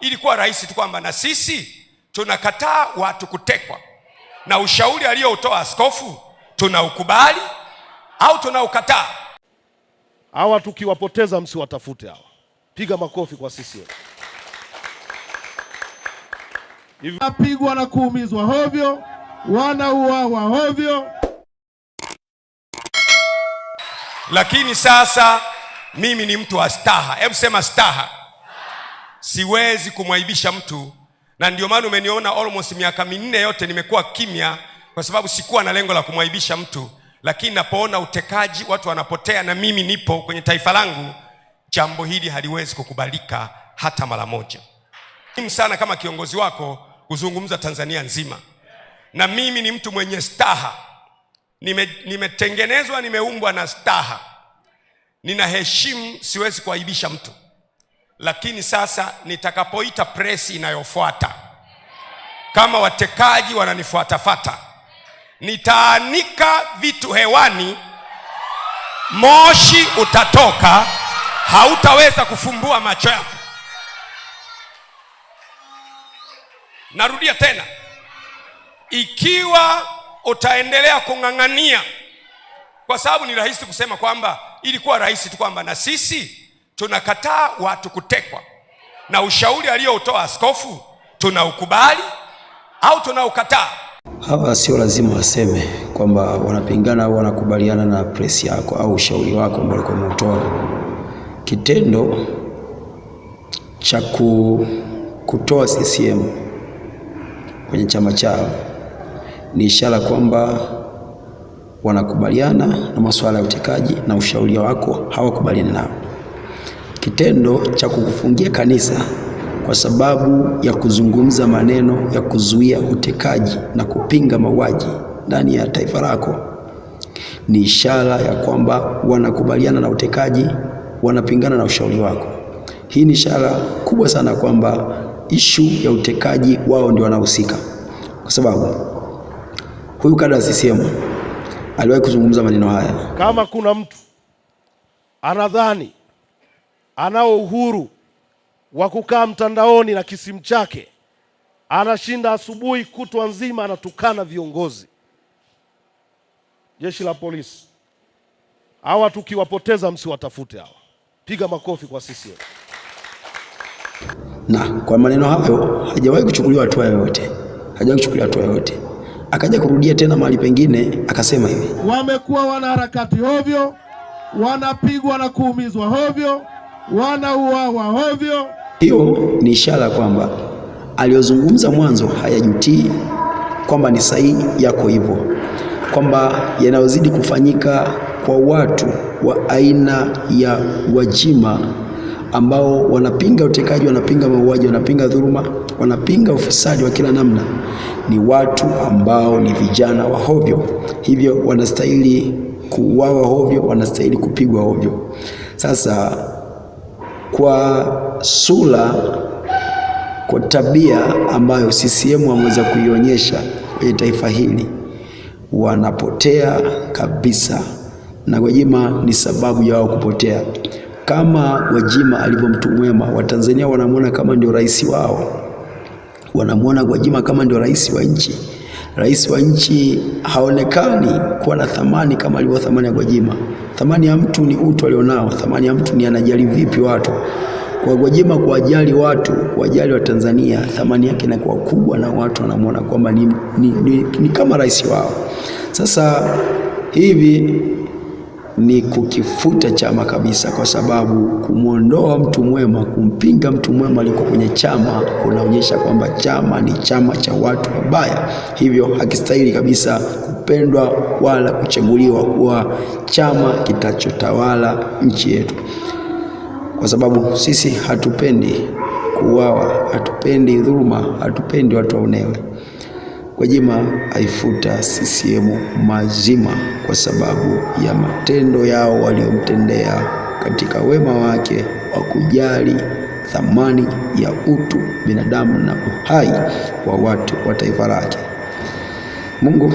ilikuwa rahisi tu kwamba na sisi tunakataa watu kutekwa, na ushauri aliyoutoa askofu tunaukubali au tunaukataa? Hawa tukiwapoteza msiwatafute hawa. Piga makofi kwa CCM. Wanapigwa na kuumizwa hovyo, wanauawa hovyo. Lakini sasa mimi ni mtu wa staha, hebu sema staha siwezi kumwaibisha mtu na ndio maana umeniona almost miaka minne yote nimekuwa kimya kwa sababu sikuwa na lengo la kumwaibisha mtu lakini napoona utekaji watu wanapotea na mimi nipo kwenye taifa langu jambo hili haliwezi kukubalika hata mara moja muhimu sana kama kiongozi wako kuzungumza tanzania nzima na mimi ni mtu mwenye staha nimetengenezwa nime nimeumbwa na staha ninaheshimu siwezi kuaibisha mtu lakini sasa nitakapoita presi inayofuata, kama watekaji wananifuatafata, nitaanika vitu hewani, moshi utatoka, hautaweza kufumbua macho yako. Narudia tena, ikiwa utaendelea kung'ang'ania, kwa sababu ni rahisi kusema kwamba ilikuwa rahisi tu kwamba na sisi tunakataa watu kutekwa, na ushauri aliyoutoa askofu tunaukubali au tunaukataa? Hawa sio lazima waseme kwamba wanapingana au wanakubaliana na presi yako au ushauri wako ambao ulikuwa umeutoa. Kitendo cha kutoa CCM kwenye chama chao ni ishara kwamba wanakubaliana na masuala ya utekaji na ushauri wako hawakubaliani nao kitendo cha kukufungia kanisa kwa sababu ya kuzungumza maneno ya kuzuia utekaji na kupinga mauaji ndani ya taifa lako ni ishara ya kwamba wanakubaliana na utekaji, wanapingana na ushauri wako. Hii ni ishara kubwa sana kwamba ishu ya utekaji wao ndio wanahusika, kwa sababu huyu kada wa CCM aliwahi kuzungumza maneno haya. Kama kuna mtu anadhani anao uhuru wa kukaa mtandaoni na kisimu chake, anashinda asubuhi kutwa nzima anatukana viongozi. Jeshi la polisi, hawa tukiwapoteza msiwatafute hawa. Piga makofi kwa CCM. Na kwa maneno hayo hajawahi kuchukuliwa hatua yoyote, hajawahi kuchukuliwa hatua yoyote. Akaja kurudia tena mahali pengine akasema hivi, wamekuwa wanaharakati hovyo, wanapigwa na kuumizwa hovyo wanauawa hovyo. Hiyo ni ishara kwamba aliyozungumza mwanzo hayajutii, kwamba ni sahihi, yako hivyo, kwamba yanayozidi kufanyika kwa watu wa aina ya Gwajima ambao wanapinga utekaji, wanapinga mauaji, wanapinga dhuluma, wanapinga ufisadi wa kila namna, ni watu ambao ni vijana wa hovyo, hivyo wanastahili kuuawa hovyo, wanastahili kupigwa hovyo. Sasa kwa sura, kwa tabia ambayo CCM wameweza kuionyesha kwenye taifa hili, wanapotea kabisa, na Gwajima ni sababu ya wao kupotea. Kama Gwajima alivyo mtu mwema, Watanzania wanamwona kama ndio rais wao, wanamwona Gwajima kama ndio rais wa nchi rais wa nchi haonekani kuwa na thamani kama alivyo thamani ya Gwajima. Thamani ya mtu ni utu alionao, thamani ya mtu ni anajali vipi watu. Kwa Gwajima kuwajali watu, kuwajali wa Tanzania, thamani yake inakuwa kubwa na watu wanamwona kwamba ni, ni, ni, ni kama rais wao. Sasa hivi ni kukifuta chama kabisa, kwa sababu kumwondoa mtu mwema, kumpinga mtu mwema aliko kwenye chama kunaonyesha kwamba chama ni chama cha watu wabaya, hivyo hakistahili kabisa kupendwa wala kuchaguliwa kuwa chama kitachotawala nchi yetu, kwa sababu sisi hatupendi kuuawa, hatupendi dhuluma, hatupendi watu waonewe. Gwajima aifuta CCM mazima kwa sababu ya matendo yao waliomtendea katika wema wake wa kujali thamani ya utu binadamu na uhai wa watu wa taifa lake. Mungu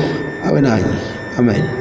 awe nanyi. Amen.